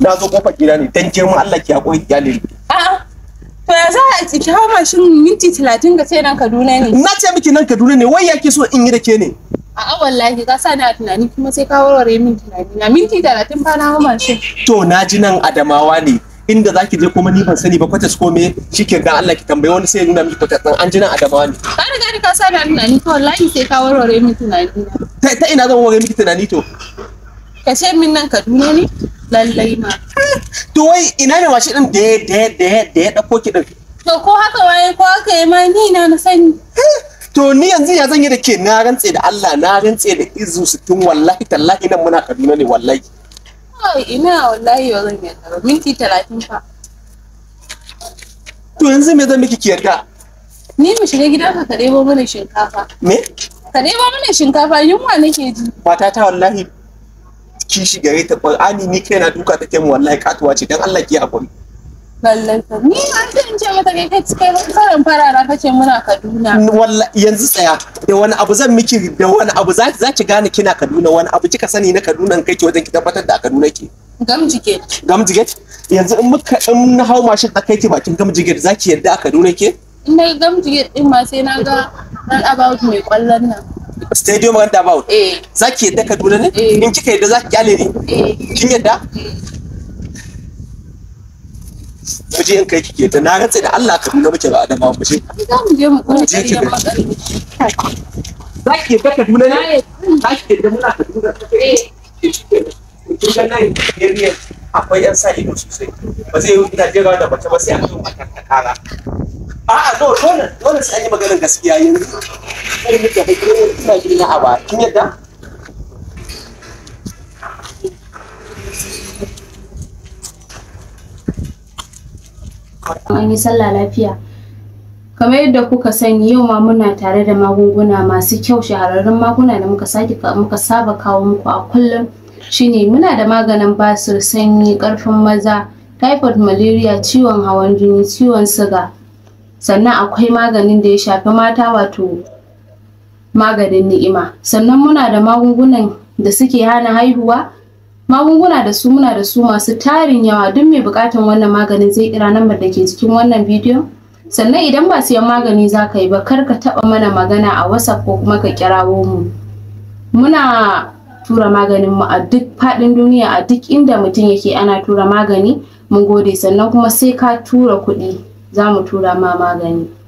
na zo kofar gida ne dan girman Allah ki haƙuri iyali a'a to ya za a ki hawa mashin minti talatin ka ce nan Kaduna ne na ce miki nan Kaduna ne wai ya ke so in yi da ke ne a'a wallahi ka sa na tunani kuma sai ka warware min tunani na minti talatin fa na hawa mashin to na ji nan Adamawa ne inda za ki je kuma ni ban sani ba kwatas ko me shike ga Allah ki tambaye wani sai ya nuna miki kwatas din an ji nan adamawa ne ka riga ka sa na tunani to wallahi sai ka warware min tunani ta ina zan warware miki tunani to ka ce min nan Kaduna ne lallai ma to wai ina ne washe din da ya da ya da ya dauko ki din to ko haka waye ko haka yi ma ni na na sani to ni yanzu ya yi da ke na rantse da Allah na rantse da izu sittin wallahi tallahi nan muna Kaduna ne wallahi ai ina wallahi ba zan yarda minti talatin fa to yanzu me zan miki ki yarda ni mu shiga gidanka ka ɗebo mana shinkafa me ka ɗebo mana shinkafa yunwa nake ji matata wallahi kishi gare ta qur'ani ni kaina duka take mu wallahi katuwa ce dan Allah ki hakuri ballanta ni an ce in ce mata kai kai tsarin farara kace muna Kaduna wallahi yanzu tsaya da wani abu zan miki da wani abu za za ki gane kina Kaduna wani abu kika sani na Kaduna kai ki wajen ki tabbatar da a Kaduna ke Gamjigate Gamjigate yanzu in muka in na hau mashin da kai ki bakin za ki yarda a Kaduna ke in na Gamjigate din ma sai na ga about mai kwallon nan stadium roundabout eh. za ki yadda kaduna ne eh. in kika yadda za ki kyale ne eh. kin yadda mu in kai kike ta na rantsa da Allah kaduna muke ba adama mu je za mu je mu kuma je ki za ki yadda kaduna ne za ki yadda muna kaduna kin nan area akwai yan sa ido sosai ba zai yi Najeriya da mace ba sai a kan matan ta a'a no dole dole sai an yi maganar gaskiya yanzu yadda an yi sallah lafiya kamar yadda kuka sani yau ma muna tare da magunguna masu kyau shahararrun maguna da muka sake muka saba kawo muku a kullum shine muna da maganin basir sanyi karfin maza typhoid malaria ciwon hawan jini ciwon siga sannan akwai maganin da ya shafi mata wato maganin ni'ima sannan muna da magungunan da suke hana haihuwa magunguna da su muna da su masu tarin yawa duk mai bukatan wannan maganin zai kira lambar da ke cikin wannan bidiyon sannan idan ba siyan magani za ka yi ba kar ka taba mana magana a whatsapp ko kuma ka kirawo mu muna tura maganin mu a duk fadin duniya a duk inda mutum yake ana tura magani mun gode sannan kuma sai ka tura kuɗi za mu tura ma magani